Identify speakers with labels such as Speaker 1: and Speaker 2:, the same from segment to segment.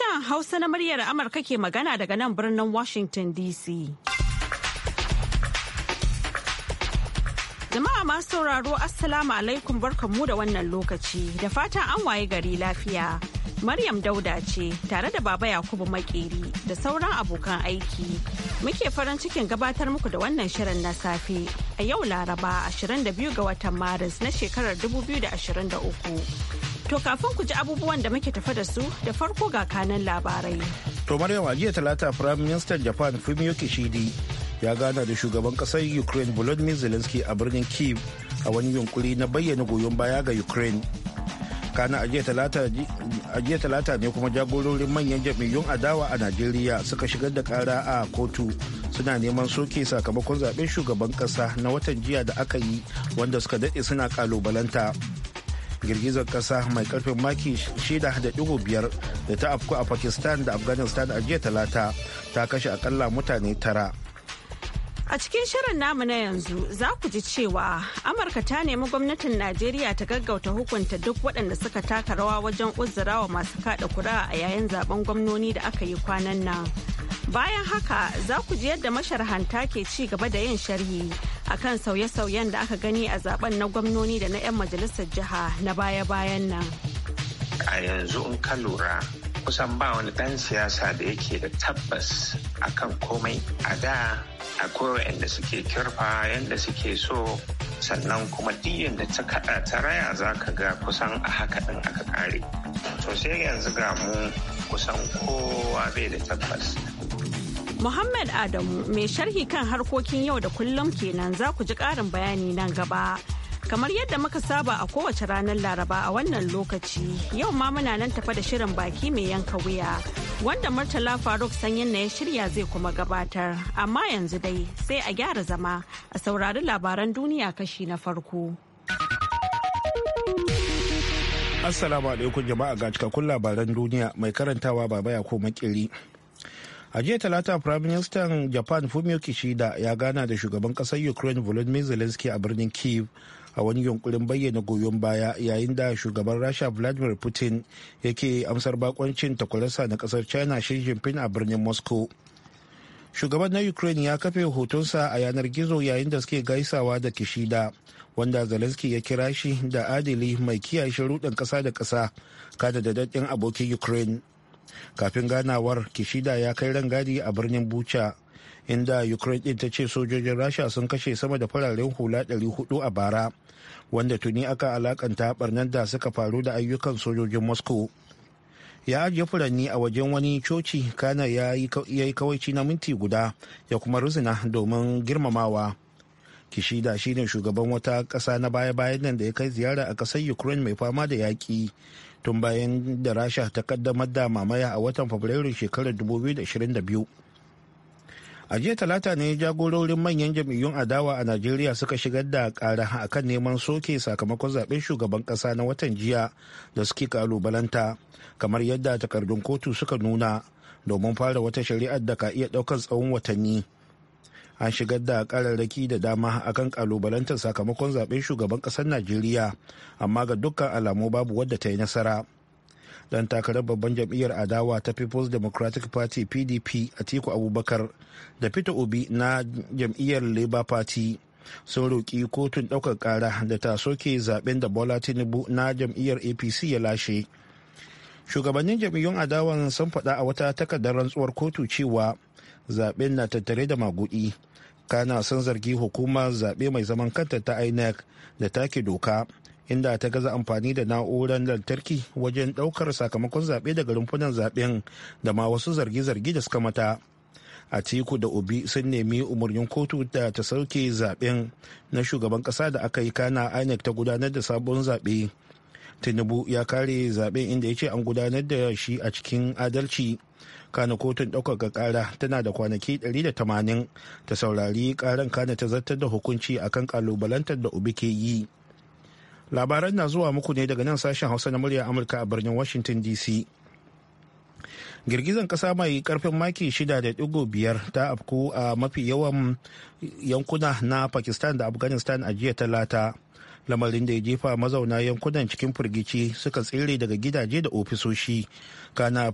Speaker 1: Sashen Hausa na muryar Amurka ke magana daga nan birnin Washington DC. Jama'a masu sauraro Assalamu alaikum mu da wannan lokaci da fatan an waye gari lafiya. Maryam Dauda ce tare da Baba Yakubu Makeri da sauran abokan aiki. Muke farin cikin gabatar muku da wannan shirin na safe a yau Laraba 22 ga watan Maris na shekarar 2023. To kafin ku ji abubuwan da muke tafa da su da farko ga kanan labarai.
Speaker 2: To Maryam jiya talata Prime Minister Japan Fumio Kishidi ya gana da shugaban kasar Ukraine Volodymyr Zelensky a birnin Kyiv a wani yunkuri na bayyana goyon baya ga Ukraine. Kana a talata ne kuma jagororin manyan jam'iyyun adawa a Najeriya suka shigar da kara a kotu suna neman soke sakamakon zaben shugaban kasa na watan jiya da aka yi wanda suka daɗe suna kalubalanta. girgizar kasa mai karfin maki 6.5 da ta afku a pakistan da afghanistan a jiya talata ta kashe akalla mutane tara
Speaker 1: A cikin shirin namu na yanzu za ku ji cewa Amurka ta nemi gwamnatin Najeriya ta gaggauta hukunta duk waɗanda suka taka rawa wajen uzurawa masu kada kura a yayin zaben gwamnoni da aka yi kwanan nan. Bayan haka za ku ji yadda masharhanta ke ci gaba da yin sharhi akan sauye-sauyen da aka gani a zaben na gwamnoni da na 'yan majalisar jiha na baya-bayan nan.
Speaker 3: A yanzu in ka lura kusan ba wani ɗan siyasa da yake da tabbas kan komai a da akwai waɗanda suke kirfa yadda suke so sannan kuma diyan da ta kaɗa ta raya za ka ga kusan a haka ɗin aka kare To yanzu ga mu kusan kowa bai da tabbas.
Speaker 1: Muhammad Adamu mai sharhi kan harkokin yau da kullum kenan za ku ji ƙarin bayani nan gaba. Kamar yadda muka saba a kowace ranar Laraba a wannan lokaci, yau ma muna nan tafa da shirin baki mai yanka wuya, wanda Murtala Faruk sanyin na ya shirya zai kuma gabatar. Amma yanzu dai sai a gyara zama a saurari labaran duniya kashi na farko.
Speaker 2: Assalamu alaikum jama'a ga cikakkun labaran duniya mai karantawa baba ya ko makiri. a jiya talata prime minister japan fumio kishida ya gana da shugaban kasar ukraine volodymyr zelensky a birnin kiev a wani yunkurin bayyana goyon baya yayin da shugaban rasha vladimir putin yake amsar bakoncin takwarasa na kasar china shi jinping a birnin moscow shugaban na ukraine ya kafe hotonsa a yanar gizo yayin da suke gaisawa da kishida wanda zelensky ya kira shi da adili mai kiyaye sharuɗin ƙasa da ƙasa kada da daddin abokin ukraine kafin ganawar kishida ya kai rangadi a birnin bucha inda ukraine din ta ce sojojin rasha sun kashe sama da fararen hula 400 a bara wanda tuni aka alakanta barnan da suka faru da ayyukan sojojin moscow ya ajiye furanni a wajen wani coci kana ya yi kawaici na minti guda ya kuma ruzina domin girmamawa kishida shine shugaban wata ƙasa na baya-bayan nan da ya kai ziyara a ƙasar ukraine mai fama da yaƙi tun bayan da rasha ta kaddamar da mamaya a watan fabrairu shekarar 2022 a jiya talata ne jagororin manyan jam'iyyun adawa a najeriya suka shigar da kara kan neman soke sakamakon zaben shugaban kasa na watan jiya da suke kalubalanta kamar yadda takardun kotu suka nuna domin fara wata shari'ar da ka iya daukar tsawon watanni an shigar da kararraki da dama akan kalubalantar sakamakon zaben shugaban kasar najeriya amma ga dukkan alamu babu wadda ta yi nasara dan takarar babban jam'iyyar adawa ta people's democratic party pdp a atiku abubakar da peter obi na jam'iyyar labour party sun roƙi kotun ɗaukar ƙara da ta soke zaben da bola tinubu na jam'iyyar apc ya lashe shugabannin jam'iyyun adawan sun faɗa a wata takardar rantsuwar kotu cewa zaben na tattare da magudi kana sun zargi hukumar zaɓe mai zaman kanta ta inec da take doka inda ta gaza amfani da na'urar lantarki wajen ɗaukar sakamakon zaɓe daga rumfunan zaɓen da ma wasu zargi-zargi da suka mata atiku da obi sun nemi umarnin kotu da ta sauke zaɓen na shugaban ƙasa da aka yi kana inec ta gudanar da sabon zaɓe tinubu ya kare zaɓen inda ya ce an gudanar da shi a cikin adalci kana kotun ɗaukaka ƙara tana da kwanaki 180 ta saurari ƙaran kana ta zartar da hukunci akan kalubalantar da ubi ke yi labaran na zuwa muku ne daga nan sashen hausa na murya amurka a birnin washington dc girgizan kasa mai karfin maki 6.5 ta afku a mafi yawan yankuna na pakistan da afghanistan a jiya talata lamarin da ya jefa mazauna yankunan cikin firgici suka tsere daga gidaje da ofisoshi kana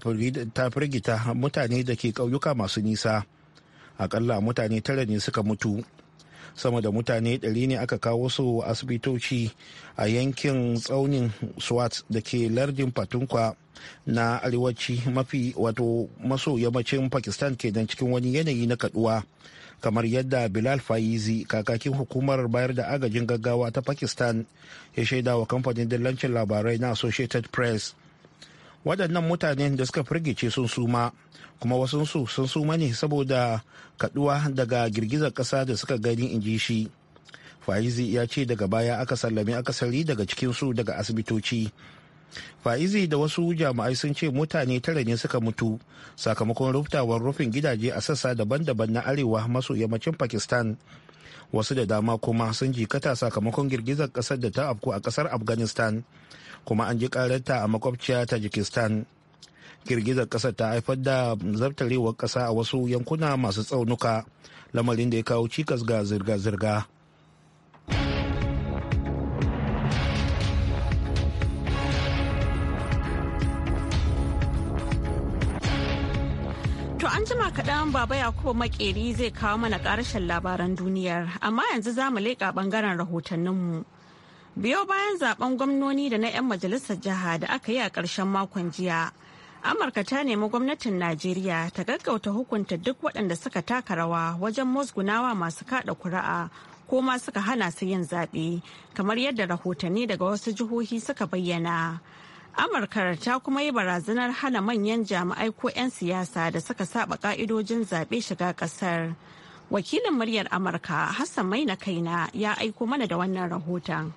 Speaker 2: ta firgita mutane da ke ƙauyuka masu nisa akalla mutane tara ne suka mutu sama da mutane ɗari ne aka kawo su asibitoci a yankin tsaunin swat da ke lardin fatunkwa na arewaci mafi wato maso yammacin pakistan kenan cikin wani yanayi na kaduwa kamar yadda bilal faizi kakakin hukumar bayar da agajin gaggawa ta pakistan ya shaida wa kamfanin dillancin labarai na associated press waɗannan mutanen da suka firgice sun suma kuma wasu sun suma ne saboda kaduwa daga girgizar ƙasa da suka gani in ji shi faizi ya ce daga baya aka sallami akasari daga cikinsu daga asibitoci faizi da wasu jami'ai sun ce mutane tara ne suka mutu sakamakon ruftawar rufin gidaje a sassa daban-daban na arewa maso yammacin pakistan wasu da dama kuma sun jikata sakamakon girgizar kasar da ta afku a kasar afghanistan kuma an ji karanta a makwabciya tajikistan girgizar kasar ta haifar da zartarewar kasa a wasu yankuna masu tsaunuka lamarin da ya kawo cikas ga zirga-zirga
Speaker 1: an jima kaɗan baba yakubu Maƙeri zai kawo mana ƙarshen labaran duniyar amma yanzu za mu leƙa ɓangaren rahotanninmu biyo bayan zaben gwamnoni da na 'yan majalisar jiha da aka yi a ƙarshen makon jiya amurka ta nemi gwamnatin najeriya ta gaggauta hukunta duk waɗanda suka taka rawa wajen musgunawa masu kaɗa kuri'a ko ma suka hana su yin zaɓe kamar yadda rahotanni daga wasu jihohi suka bayyana amurka ta kuma yi barazanar hana manyan jami'ai ko 'yan siyasa da suka saba ka'idojin zaɓe shiga ƙasar wakilin muryar amurka hassan maina kaina ya aiko mana da wannan rahoton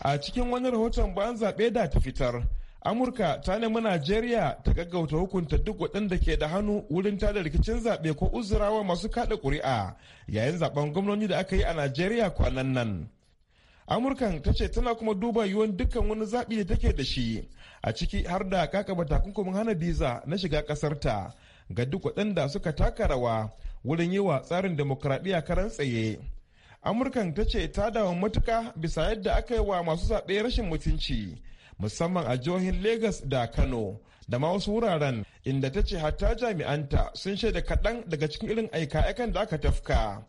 Speaker 4: a cikin wani rahoton bayan zaɓe da ta fitar amurka ta nemi najeriya ta gaggauta hukunta duk waɗanda ke da hannu wurin tada rikicin zaɓe ko uzurawa masu kaɗa ƙuri'a yayin zaɓen gwamnoni da aka yi a najeriya kwanan nan amurkan ta ce tana kuma duba yiwuwan dukkan wani zaɓi da take da shi a ciki har da kakaba takunkumin hana biza na shiga ƙasarta ga duk waɗanda suka taka rawa wurin yi wa tsarin demokradiyya karan tsaye amurkan ta ce ta dawo matuka bisa yadda aka yi wa masu zaɓe rashin mutunci musamman a jihohin Legas da Kano da ma wasu wuraren inda ta ce hatta jami'anta sun shaida kaɗan daga cikin irin aika-aikan da aka tafka.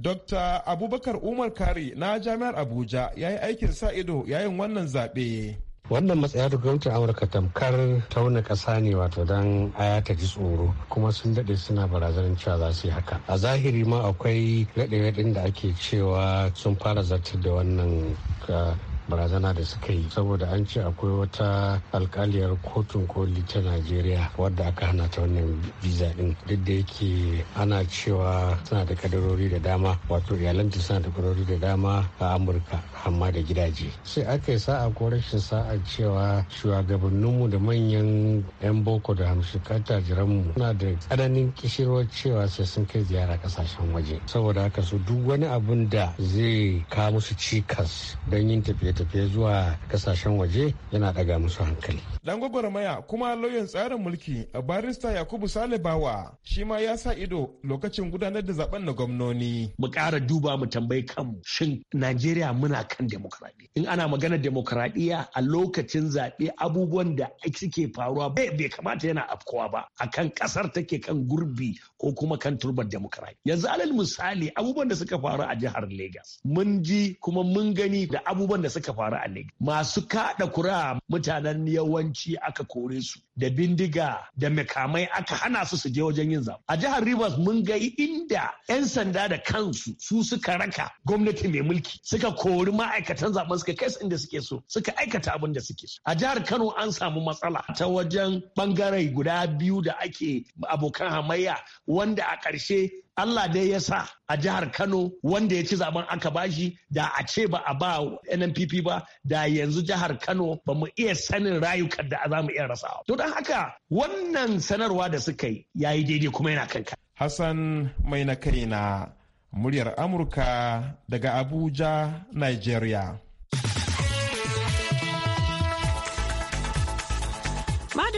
Speaker 4: Dr. Abubakar Umar Kari na Jami'ar Abuja ya yi aikin sa ido yayin wannan zaɓe. wannan matsaya da gwamnatin amurka tamkar tauna
Speaker 5: ƙasa ne wato don aya ta ji tsoro kuma sun daɗe suna barazanar cewa za su yi haka a zahiri ma akwai daɗe raɗin da ake cewa sun fara zartar da wannan ah, barazana da suka yi saboda an ce akwai wata alkaliyar kotun koli ta najeriya wadda aka hana ta wannan visa din duk da yake ana cewa suna da kadarori da dama wato iyalanta suna da kadarori da dama a amurka amma da gidaje sai aka yi sa'a ko rashin sa'a cewa shugabanninmu da manyan 'yan boko da hamshikar mu suna da tsananin kishirwar cewa sai sun kai ziyara kasashen waje saboda haka su duk wani abun da zai kawo musu cikas don yin tafiye tafiye zuwa kasashen waje yana daga musu hankali.
Speaker 4: Dan gwagwarmaya kuma lauyan tsarin mulki a barista Yakubu Salibawa shi ma ya sa ido lokacin gudanar da zaben na gwamnoni. Mu kara duba mu tambayi kan shin Najeriya muna kan
Speaker 6: demokradiyya. In ana magana demokradiyya a lokacin zaɓe abubuwan da suke faruwa bai bai kamata yana afkowa ba akan ƙasar take kan gurbi ko kuma kan turbar demokradiyya. Yanzu alal misali abubuwan da suka faru a jihar Legas. Mun ji kuma mun gani da abubuwan da suka suka faru a Lagos. Masu kaɗa kura mutanen yawanci aka kore su da bindiga da makamai aka hana su su je wajen yin zaɓe. A jihar Rivers mun ga inda 'yan sanda da kansu su suka raka gwamnati mai mulki suka kori ma'aikatan zaɓen suka kai inda suke so suka aikata abin da suke so. A jihar Kano an samu matsala ta wajen bangare guda biyu da ake abokan hamayya wanda a ƙarshe Allah dai ya sa a jihar Kano wanda ya ci zaben aka bashi da a ce ba a ba NNPP ba da yanzu jihar Kano ba mu iya sanin rayukan da za mu iya rasawa. To don
Speaker 4: haka wannan sanarwa da suka yi ya yayi daidai kuma yana kanka. Hassan mai na kai na muryar Amurka daga Abuja, Nigeria.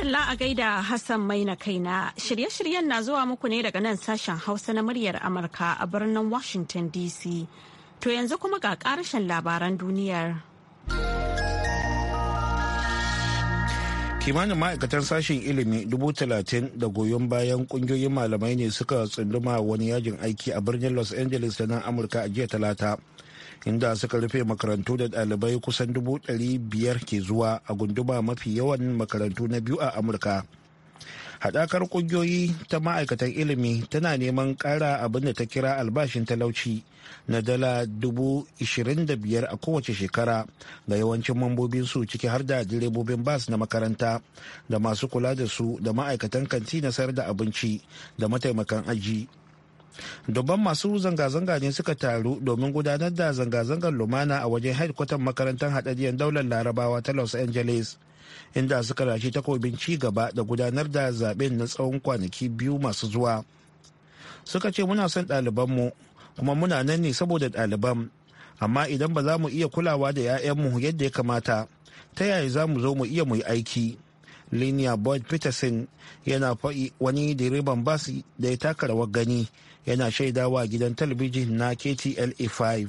Speaker 1: Madalla a gaida Hassan Maina kaina shirye-shiryen na zuwa muku ne daga nan sashen Hausa na muryar Amurka a birnin Washington DC. To yanzu kuma ga karshen labaran duniyar.
Speaker 2: Kimanin ma'aikatan sashen ilimi dubu talatin da goyon bayan kungiyoyin malamai ne suka tsunduma wani yajin aiki a birnin Los Angeles da nan Amurka a jiya talata. inda suka rufe makarantu da ɗalibai kusan dubu ɗari biyar ke zuwa a gunduma mafi yawan makarantu na biyu a amurka haɗakar ƙungiyoyi ta ma'aikatan ilimi tana neman ƙara abin da ta kira albashin talauci na dala dubu ishirin da biyar a kowace shekara ga yawancin mambobin su ciki har da direbobin bas na makaranta da masu kula da su da ma'aikatan kanti na sayar da abinci da mataimakan aji dubban masu zanga-zanga ne suka taru domin gudanar da zanga-zangar lumana a wajen haikwatar makarantar haɗaɗiyar daular larabawa ta los angeles inda suka rashi takobin ci gaba da gudanar da zaben na tsawon kwanaki biyu masu zuwa suka ce muna son mu kuma muna nan ne saboda ɗaliban amma idan ba za mu iya kulawa da 'ya'yanmu yadda ya kamata ta yaya za mu zo mu iya mu yi aiki linia boyd peterson yana faɗi wani direban basi da ya taka rawar gani yana shaidawa gidan talabijin na ktla 5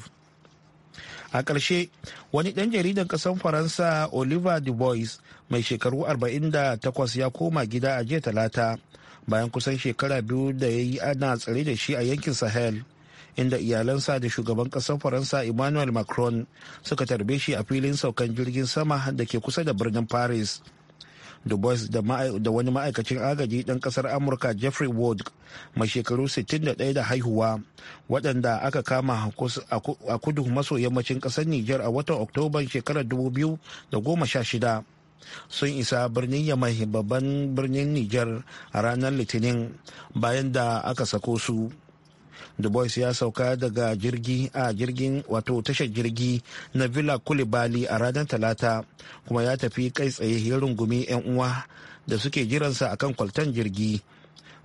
Speaker 2: a ƙarshe wani ɗan jaridan ƙasar faransa oliver bois mai shekaru 48 ya koma gida a jiya talata bayan kusan shekara biyu da ya yi ana tsare da shi a yankin sahel inda iyalansa da shugaban ƙasar faransa emmanuel macron suka tarbe shi a filin saukan jirgin sama da ke kusa da birnin paris da da wani ma'aikacin agaji ɗan ƙasar amurka jeffrey ward mai shekaru 61 da haihuwa waɗanda aka kama a kudu maso yammacin ƙasar niger a watan oktoban shekarar 2016 sun isa birnin yamai babban birnin niger a ranar litinin bayan da aka sako su du ya sauka daga jirgi a jirgin wato tashar jirgi na villa kulibali a ranar talata kuma ya tafi kai tsaye ya rungumi 'yan uwa da suke jiransa akan kwaltan jirgi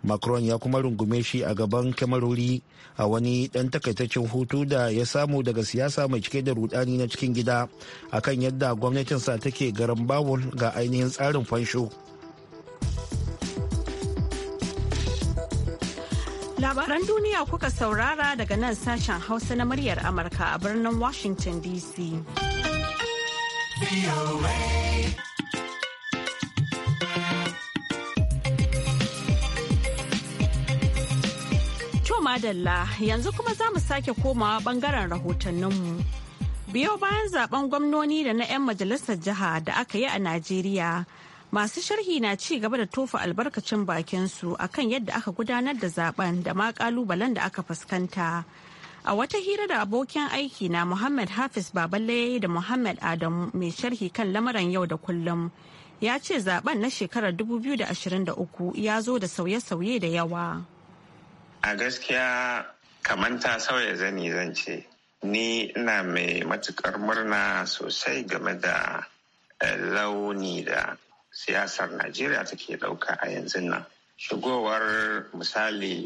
Speaker 2: macron ya kuma rungume shi a gaban kyamarori a wani dan takaitaccen hutu da ya samu daga siyasa mai cike da rudani na cikin gida akan yadda gwamnatinsa take garan bawul ga ainihin tsarin fansho
Speaker 1: Labaran duniya kuka saurara daga nan sashen Hausa na muryar Amurka a birnin Washington DC. To madalla yanzu kuma za mu sake komawa bangaren rahotanninmu. Biyo bayan zaben gwamnoni da na 'yan majalisar jiha da aka yi a Najeriya, masu sharhi na ci gaba da tofa albarkacin bakin su akan yadda aka gudanar da zaben da ma kalubalen da aka fuskanta a wata hira da abokin aiki na muhammad hafiz baballe da muhammad adamu mai sharhi kan lamarin yau da kullum ya ce zaben na shekarar 2023 ya zo da sauye-sauye da yawa
Speaker 3: a gaskiya kamar ta sauya zani zan ce ni ina mai matukar murna sosai game da eh, launi da siyasar najeriya take ɗauka a yanzu nan shigowar misali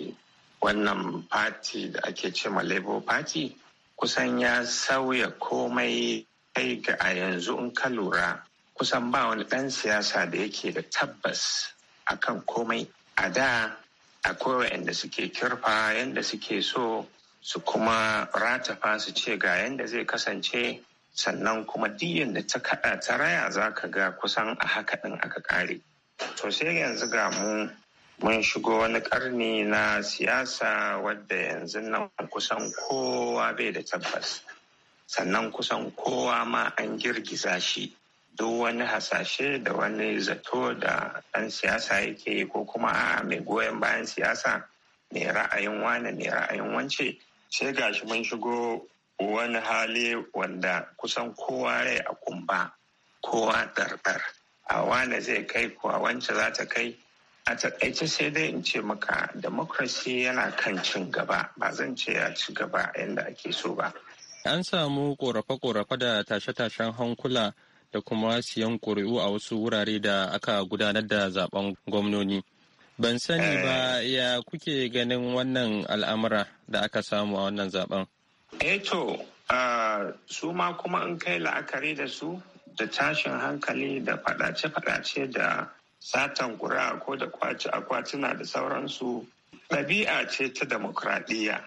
Speaker 3: wannan fati da ake ce ma labour party kusan ya sauya komai kai ga a yanzu in ka lura kusan ba wani ɗan siyasa da yake da tabbas akan komai a da akwai yadda suke kirfa yadda suke so su kuma ratafa su ce ga yadda zai kasance sannan kuma diyan da ta kada ta raya za ka ga kusan a haka din aka kare. to sai yanzu ga mu mun shigo wani karni na siyasa wadda yanzu nan kusan kowa bai da tabbas sannan kusan kowa ma an girgiza shi duk wani hasashe da wani zato da ɗan siyasa yake yi ko kuma a mai goyon bayan siyasa mai ra'ayin wane mai ra'ayin wance sai gashi mun shigo wani hali wanda kusan kowa rai a kumba kowa ɗarɗar a wane zai kai kuwa wance za ta kai a takaice sai dai in ce maka demokrasi yana kan cin gaba ba zan ce ya ci gaba yadda ake so ba
Speaker 4: an samu korafe-korafe da tashe-tashen hankula da kuma siyan ƙuri'u a wasu wurare da aka gudanar da zaben gwamnoni ban sani ba eh. ya kuke ganin wannan al'amura da aka samu a wannan zaben
Speaker 3: Eto, eh su ma kuma in kai la'akari da su da tashin hankali da fadace-fadace da satan kura ko da kwaci akwatuna da sauransu ɗabi'a ce ta demokradiyya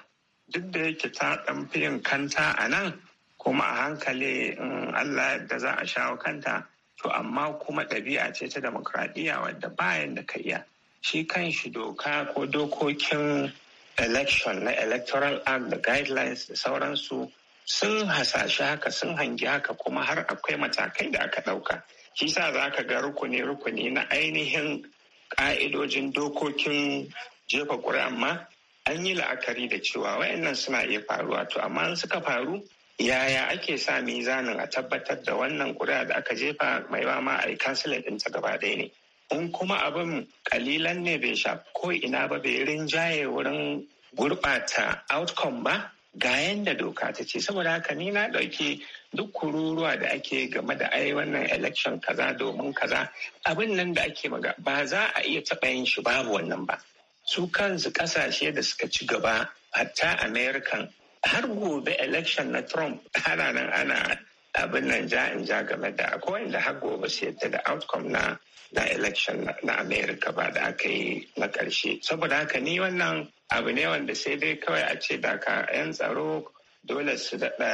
Speaker 3: duk da yake ta ɗan yin kanta a nan kuma a hankali in allah da za a shawo kanta to amma kuma ɗabi'a ce ta demokradiyya wadda bayan da ka iya shi kan shi doka ko dokokin election na electoral act da guidelines da sauransu sun hasashe haka sun hangi haka kuma har akwai matakai da aka ɗauka kisa sa za ka ga rukuni-rukuni na ainihin ka'idojin dokokin jefa ƙuri'a ma an yi la'akari da cewa wayannan suna iya faruwa to amma in suka faru yaya ake sa mizanin a tabbatar da wannan ƙuri'a da aka jefa mai ma a yi ɗinta gaba ɗaya ne in kuma abin kalilan ne bai sha ko ina ba bai rinjaye wurin gurɓata outcome ba ga yadda doka ta ce saboda haka ni na ɗauki duk kururuwa da ake game da ai wannan election kaza domin kaza abin nan da ake maga ba za a iya taɓa yin shi babu wannan ba su kansu kasashe da suka ci gaba hatta american har gobe election na trump ana nan ana abin nan ja in ja game da akwai inda har gobe su yadda da outcome na na election na america ba da aka yi na karshe saboda haka ni wannan abu ne wanda sai dai kawai a ce da ka 'yan tsaro dole su daɗa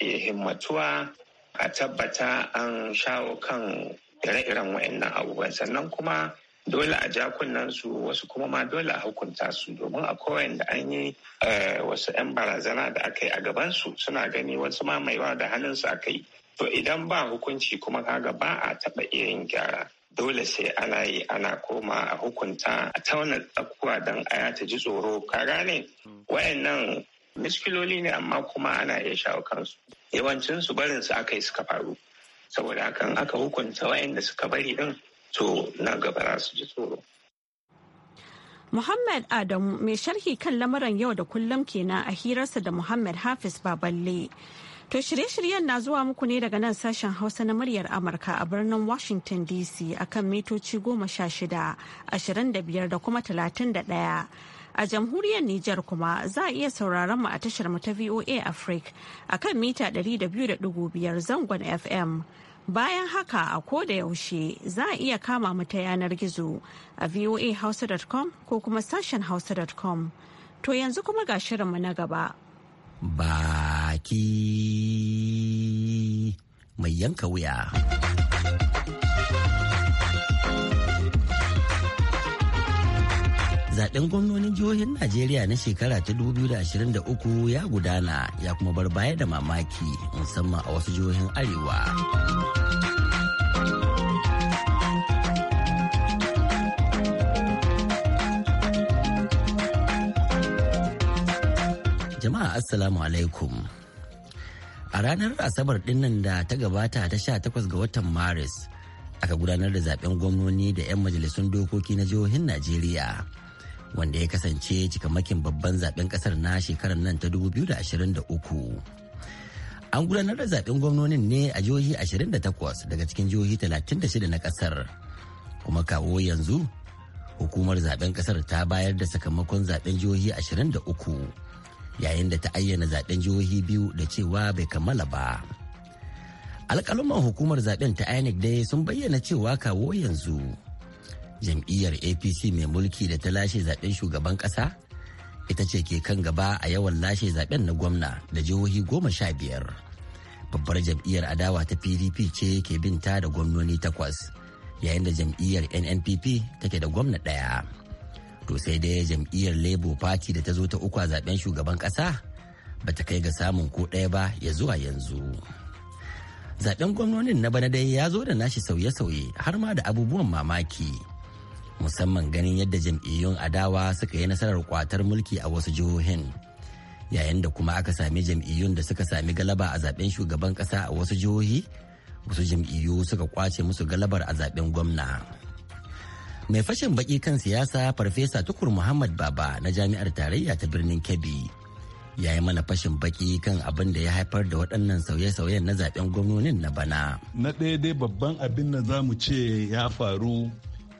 Speaker 3: eh, himmatuwa a tabbata an shawo kan ire-iren abu abubuwan sannan kuma dole a ja su wasu kuma ma dole a hukunta su domin a koyan da an yi eh, wasu 'yan barazana da aka yi a gabansu suna gani wasu ma maiwa da hannun su aka yi to idan ba hukunci kuma kaga ba a taɓa iya yin gyara dole sai ana yi ana koma a hukunta a tauna tsakuwa don a ya ta ji tsoro ka gane wayannan miskiloli ne amma kuma ana iya shawo kansu yawancin su barin su aka yi suka faru saboda hakan aka hukunta wayanda suka bari din to na gaba su ji tsoro.
Speaker 1: Muhammad Adamu mai sharhi kan lamuran yau da kullum kenan a hirarsa da Muhammad Hafiz Baballe. To shirye-shiryen na zuwa muku ne daga nan sashen Hausa na muryar Amurka a birnin Washington DC akan mitoci goma sha shida, ashirin da biyar da kuma talatin da ɗaya. A jamhuriyar Nijar kuma za a iya sauraron mu a tashar mu ta VOA Africa kan mita ɗari da 200.5 zangon FM. Bayan haka a ko da yaushe za a iya kama mu ta yanar gizo a voahausa.com ko kuma sashen hausa.com. To yanzu kuma ga shirinmu na gaba.
Speaker 7: Baki mai yanka wuya. Zaɓen gwamnonin jihohin najeriya na shekara ta 2023 ya gudana ya kuma bar baya da mamaki musamman a wasu jihohin arewa jama'a assalamu alaikum a ranar asabar dinnan da ta gabata ta 18 ga watan maris aka gudanar da zaben gwamnoni da 'yan majalisun dokoki na jihohin najeriya wanda ya kasance cikamakin babban zaben kasar na shekarar nan ta 2023 an gudanar da zaben gwamnonin ne a jihohi 28 daga cikin jihohi 36 na kasar kuma kawo yanzu hukumar zaben kasar ta bayar da sakamakon zaben jihohi 23 yayin da ta ayyana zaben jihohi biyu da cewa bai kammala ba alƙaluman hukumar zaben ta inec dai sun bayyana cewa kawo yanzu jam'iyyar apc mai mulki da ta lashe zaben shugaban kasa ita ce ke kan gaba a yawan lashe zaben na gwamna da jihohi goma sha biyar babbar jam'iyyar adawa ta pdp ce ke binta da gwamnoni takwas yayin da jam'iyyar nnpp take da gwamna ɗaya to sai dai jam'iyyar labour party da ta zo ta uku a zaben shugaban kasa ba ta kai ga samun ko ɗaya ba ya zuwa yanzu zaben gwamnonin na bana dai ya zo da nashi sauye-sauye har ma da abubuwan mamaki musamman ganin yadda jam'iyyun adawa suka yi nasarar kwatar mulki a wasu jihohin yayin da kuma aka sami jam'iyyun da suka sami galaba a zaben shugaban kasa a wasu jihohi wasu jam'iyyu suka kwace musu galabar a zaben gwamna mai fashin baki kan siyasa farfesa tukur muhammad baba na jami'ar tarayya ta birnin kebbi ya yi mana fashin baki kan abin da ya haifar da waɗannan sauye-sauyen na zaben gwamnonin na bana.
Speaker 8: Na ɗaya dai babban abin da za mu ce ya faru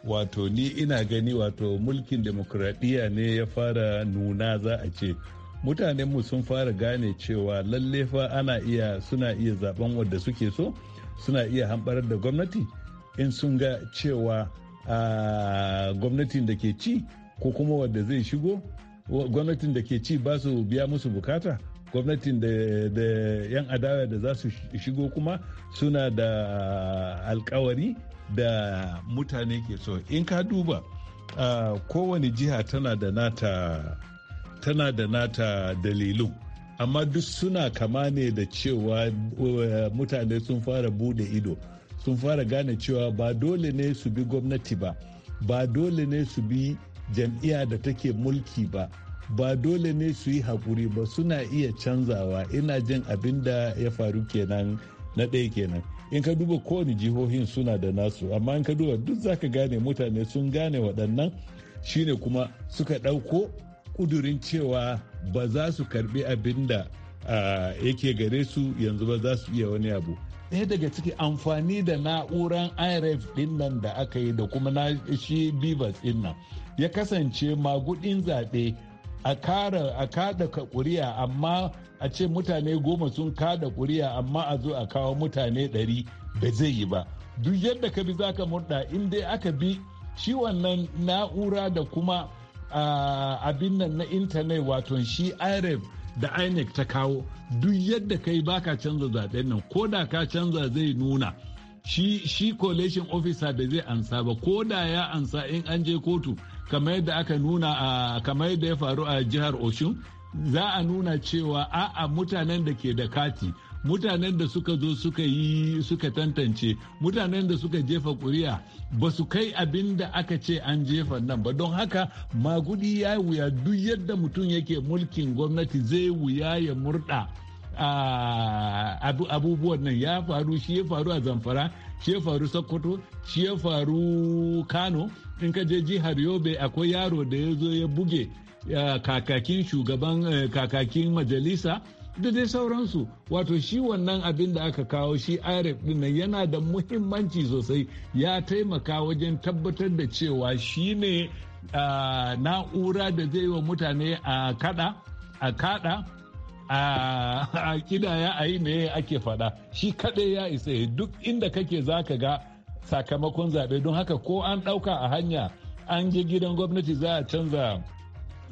Speaker 8: wato ni ina gani wato mulkin demokuraɗiyya ne ya fara nuna za a ce mutanenmu sun fara gane cewa lalle fa ana iya suna iya zaben wadda suke so suna iya hambarar da gwamnati in sun ga cewa a gwamnatin da ke ci ko kuma wadda zai shigo gwamnatin da ke ci ba su biya musu bukata gwamnatin da 'yan adawa da za su shigo kuma suna da alkawari da mutane ke so in ka duba uh, kowane jiha tana da nata tana da nata dalilu amma duk suna kama ne da cewa uh, mutane sun fara bude ido sun fara gane cewa ba dole ne su bi gwamnati ba ba dole ne su bi jam'iyya da take mulki ba ba dole ne su yi haƙuri ba suna iya canzawa ina jin abin da ya faru kenan na ɗaya kenan in ka duba kowane jihohin suna da nasu amma in ka duba duk za ka gane mutane sun gane waɗannan shine kuma suka ɗauko ƙudurin cewa ba za su karbi abin da yake gare su yanzu ba za su iya wani abu ɗaya daga ciki amfani da na'uran irf ɗin nan da aka yi da kuma na shi bivas ɗin nan ya kasance magudin zaɓe a kara a kada ka kuriya amma a ce mutane goma sun kada kuriya amma a zo a kawo mutane ɗari ba zai yi ba duk yadda ka bi za ka murɗa in dai aka bi shi wannan na'ura da kuma abin nan na intanet wato shi irf e da inec ta kawo duk yadda ka ba baka canza zaɓen nan ko da ka canza zai nuna shi coalition collation officer da zai ansa ba ko da ya ansa in an je kotu kamar yadda aka nuna a kamar yadda ya faru a jihar Oshun za a nuna cewa a'a mutanen da ke da kati mutanen da suka zo suka yi suka tantance mutanen da suka jefa kuri'a ba su kai abin da aka ce an jefa nan ba don haka magudi ya wuya duk yadda mutum yake mulkin gwamnati zai wuya ya murda abubuwan nan ya faru shi ya faru a zamfara shi ya faru sokoto shi ya faru kano in ka je jihar yobe akwai yaro da ya zo ya buge kakakin shugaban eh, kakakin majalisa da dai sauransu wato shi wannan abin da aka kawo shi irep din nan yana da muhimmanci sosai ya taimaka wajen tabbatar da cewa shi ne na'ura da zai yi wa mutane a kada a kada a kidaya a yi me ake faɗa shi kaɗai ya isa duk inda kake za ka ga sakamakon zaɓe don haka ko an ɗauka a hanya an je gidan gwamnati za a canza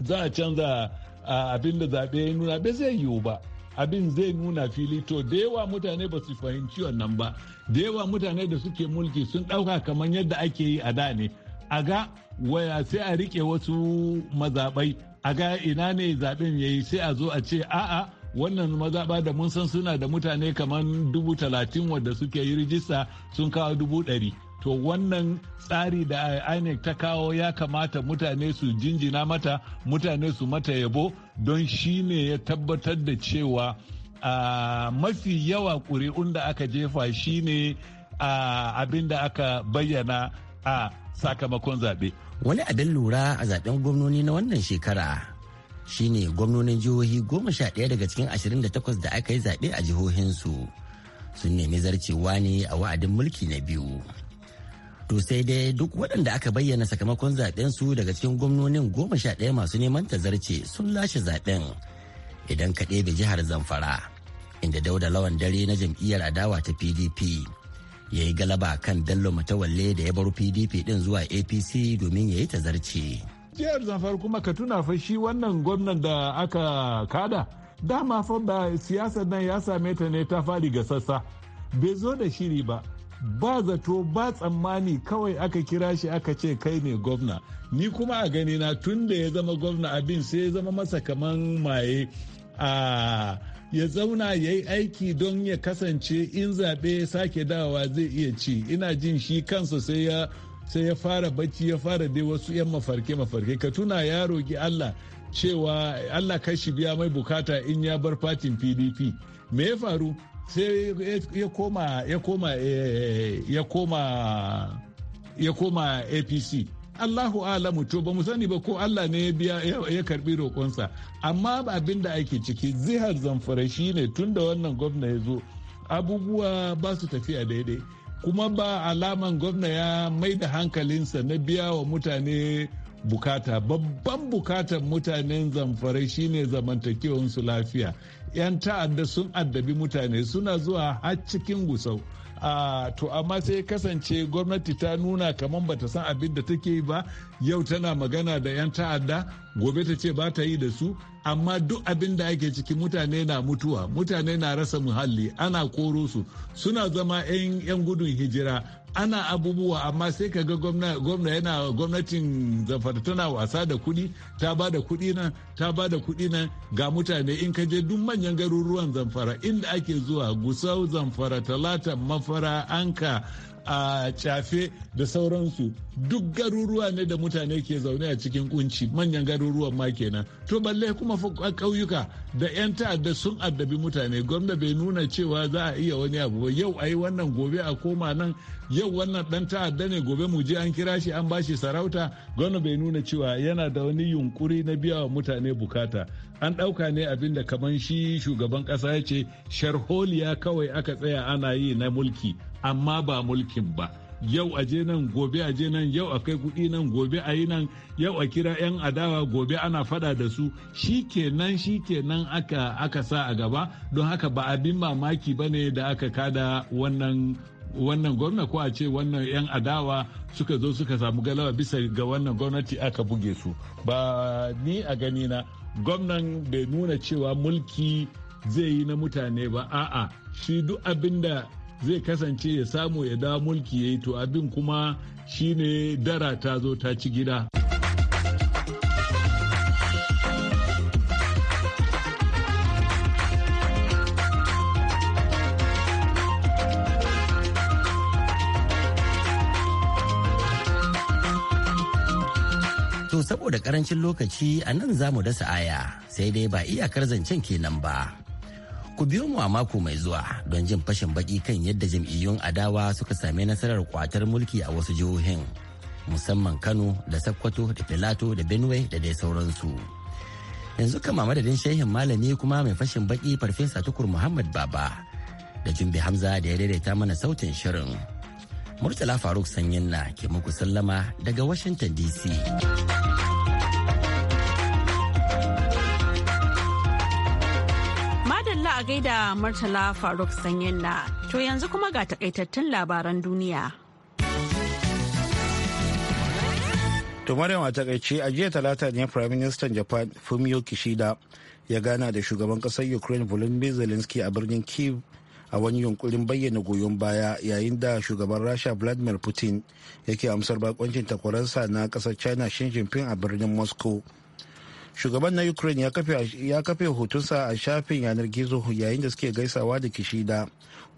Speaker 8: za a canza abin da zaɓe ya nuna ba zai yiwu ba abin zai nuna fili to da yawa mutane ba su fahimci wannan ba da yawa mutane da suke mulki sun ɗauka kamar yadda ake yi a da ne a ga waya sai a riƙe wasu mazaɓai a ga ina ne zaɓen ya yi sai a zo a ce a'a wannan mazaɓa da mun san suna da mutane kamar dubu talatin wadda suke yi rijista sun kawo dubu ɗari to wannan tsari da inec ta kawo ya kamata mutane su jinjina mata mutane su mata yabo don shi ne ya tabbatar da cewa a mafi yawa ƙuri'un da aka jefa shi ne abin da aka bayyana a sakamakon zaɓe
Speaker 7: wani abin lura a zaben gwamnoni na wannan shekara shine gwamnonin jihohi goma sha ɗaya daga cikin ashirin da takwas da aka yi zaɓe a jihohinsu sun nemi zarcewa ne a wa'adin mulki na biyu to sai dai duk waɗanda aka bayyana sakamakon zaɓen su daga cikin gwamnonin goma sha ɗaya masu neman ta zarce sun lashe zaɓen idan ka ɗebe jihar zamfara inda dauda lawan dare na jam'iyyar adawa ta pdp ya yi galaba kan dallo matawalle da ya bar pdp din zuwa apc domin ya yi tazarci
Speaker 8: jihar zafar kuma ka tuna fa shi wannan gwamnan da aka kada dama fa da siyasar nan ya same ta ne ta fadi ga sassa bai zo da shiri ba ba zato ba tsammani kawai aka kira shi aka ce kai ne gwamna ni kuma a gani na tun da ya zama gwamna abin sai ya zama masa kaman maye a ya zauna ya yi aiki don ya kasance in zaɓe sake dawowa zai iya ci ina jin shi kansa sai ya sai ya fara bacci ya fara dai wasu 'yan mafarke mafarke ka tuna ya roki allah cewa allah kashi biya mai bukata in ya bar fatin pdp me ya faru sai ya koma ya koma eh, ya koma ya koma apc Allahu alamu to ba mu sani ba ko Allah ne biya ya karbi roƙonsa amma abin da ake ciki zihar zamfara shine tun da wannan gwamna ya zo abubuwa ba su tafiya daidai kuma ba alaman gwamna ya mai da hankalinsa na biya wa mutane bukata babban bukatan mutanen zamfara shine zamantakewansu lafiya 'yan ta'adda sun addabi mutane suna zuwa har cikin gusau to amma sai kasance gwamnati ta nuna kamar bata san abin da take yi ba yau tana magana da 'yan ta'adda gobe ta ce ba ta yi da su amma duk abin da ake ciki mutane na mutuwa mutane na rasa muhalli ana koro su suna zama 'yan gudun hijira ana abubuwa amma sai ka ga gwamna yana gwamnatin zafar tana wasa da kuɗi ta ba da kuɗi nan ta ba da kuɗi nan ga mutane in ka je duk manyan garuruwan zamfara inda ake zuwa gusau zamfara talata mafara anka a cafe da sauransu duk garuruwa ne da mutane ke zaune a cikin kunci manyan garuruwan ma kenan to balle kuma ƙauyuka da 'yan ta'adda sun addabi mutane gwamna bai nuna cewa za a iya wani abu ba yau a wannan gobe a koma nan yau wannan dan ta'adda ne gobe mu je an kira shi an bashi sarauta gwamna bai nuna cewa yana da wani yunkuri na biya wa mutane bukata an ɗauka ne abin da kamar shi shugaban ƙasa ya ce sharholiya kawai aka tsaya ana yi na mulki amma ba mulkin ba yau a je nan gobe a je nan yau a kai kuɗi nan gobe a yi nan yau a kira 'yan adawa gobe ana fada da su shi kenan shi aka, aka sa a gaba don haka ba abin mamaki ba ne da aka kada wannan wannan gwamna ko a ce wannan 'yan adawa suka zo suka samu galawa bisa ga wannan gwamnati aka buge su ba ni a gani na gwamnan bai nuna cewa mulki zai yi na mutane ba a'a shi duk abin da zai kasance ya samu ya da mulki ya yi to abin kuma shine dara ta zo ta ci gida.
Speaker 7: To saboda karancin lokaci a nan za mu dasa aya sai dai ba iyakar zancen kenan ba. Ku biyo mu a mako mai zuwa don jin fashin baki kan yadda jam'iyyun adawa suka sami nasarar kwatar mulki a wasu jihohin musamman Kano da sakkwato da Filato da Benue da dai sauransu. Yanzu kama madadin shehin malami kuma mai fashin baki Farfesa Tukur Muhammad Baba da Jumbe Hamza da ya daidaita mana sautin shirin. Murtala Faruk Sanyin na ke muku sallama daga Washington DC.
Speaker 1: a gaida Murtala Faruk Sanyin na. To yanzu kuma ga takaitattun labaran duniya.
Speaker 2: To a takaice a jiya talata ne Prime Minister Japan Fumio Kishida ya gana da shugaban kasar Ukraine Volodymyr Zelensky a birnin Kyiv a wani yunkurin bayyana goyon baya yayin da shugaban Rasha Vladimir Putin yake amsar bakoncin takwaransa na kasar China Xi Jinping a birnin Moscow. shugaban na ukraine ya kafe hotunsa a shafin yanar gizo yayin da suke gaisawa da kishida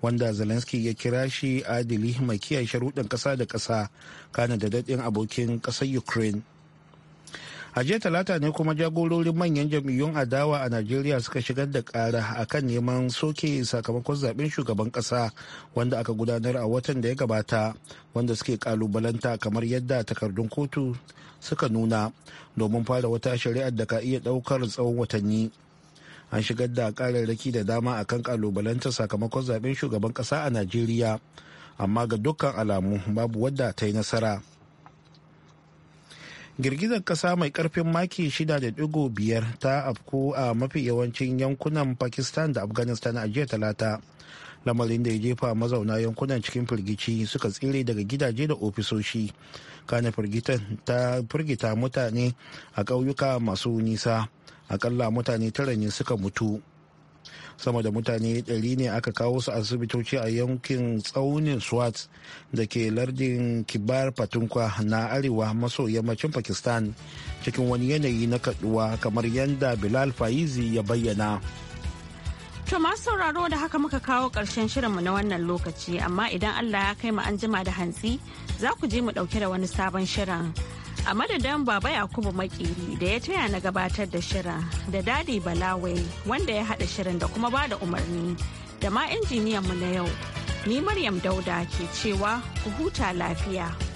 Speaker 2: wanda zelensky ya kira shi adili mai kiyaye sharuɗin ƙasa da ƙasa kana da daɗin abokin ƙasar ukraine a jiya talata ne kuma jagororin manyan jam'iyyun adawa a najeriya suka shigar da kara akan neman soke sakamakon zaben shugaban kasa wanda aka gudanar a watan da ya gabata wanda suke kalubalanta kamar yadda takardun kotu suka nuna domin fara wata shari'ar da ka iya daukar tsawon watanni an shigar da kararraki da dama akan kalubalanta sakamakon zaben shugaban kasa a najeriya amma ga dukkan alamu babu wadda ta yi nasara girgizar kasa mai karfin maki 6.5 ta afku a mafi yawancin yankunan pakistan da afghanistan a jiya talata lamarin da ya jefa mazauna yankunan cikin firgici suka tsire daga gidaje da ofisoshi kana ta firgita mutane a ƙauyuka masu nisa akalla mutane tara ne suka mutu sama da mutane 100 ne aka kawo su asibitoci a yankin tsaunin swat da ke lardin kibar patunkwa na arewa maso yammacin pakistan cikin wani yanayi na kaduwa kamar yadda bilal faizi ya bayyana
Speaker 1: To masu sauraro da haka muka kawo ƙarshen shirinmu na wannan lokaci amma idan Allah ya kai mu an jima da hantsi za ku je mu ɗauke da wani sabon shirin. a madadin baba yakubu makeri da ya taya na gabatar da shirin da dadi balawai wanda ya haɗa shirin da kuma bada umarni da ma injiniyan mu na yau ni maryam dauda ke cewa ku huta lafiya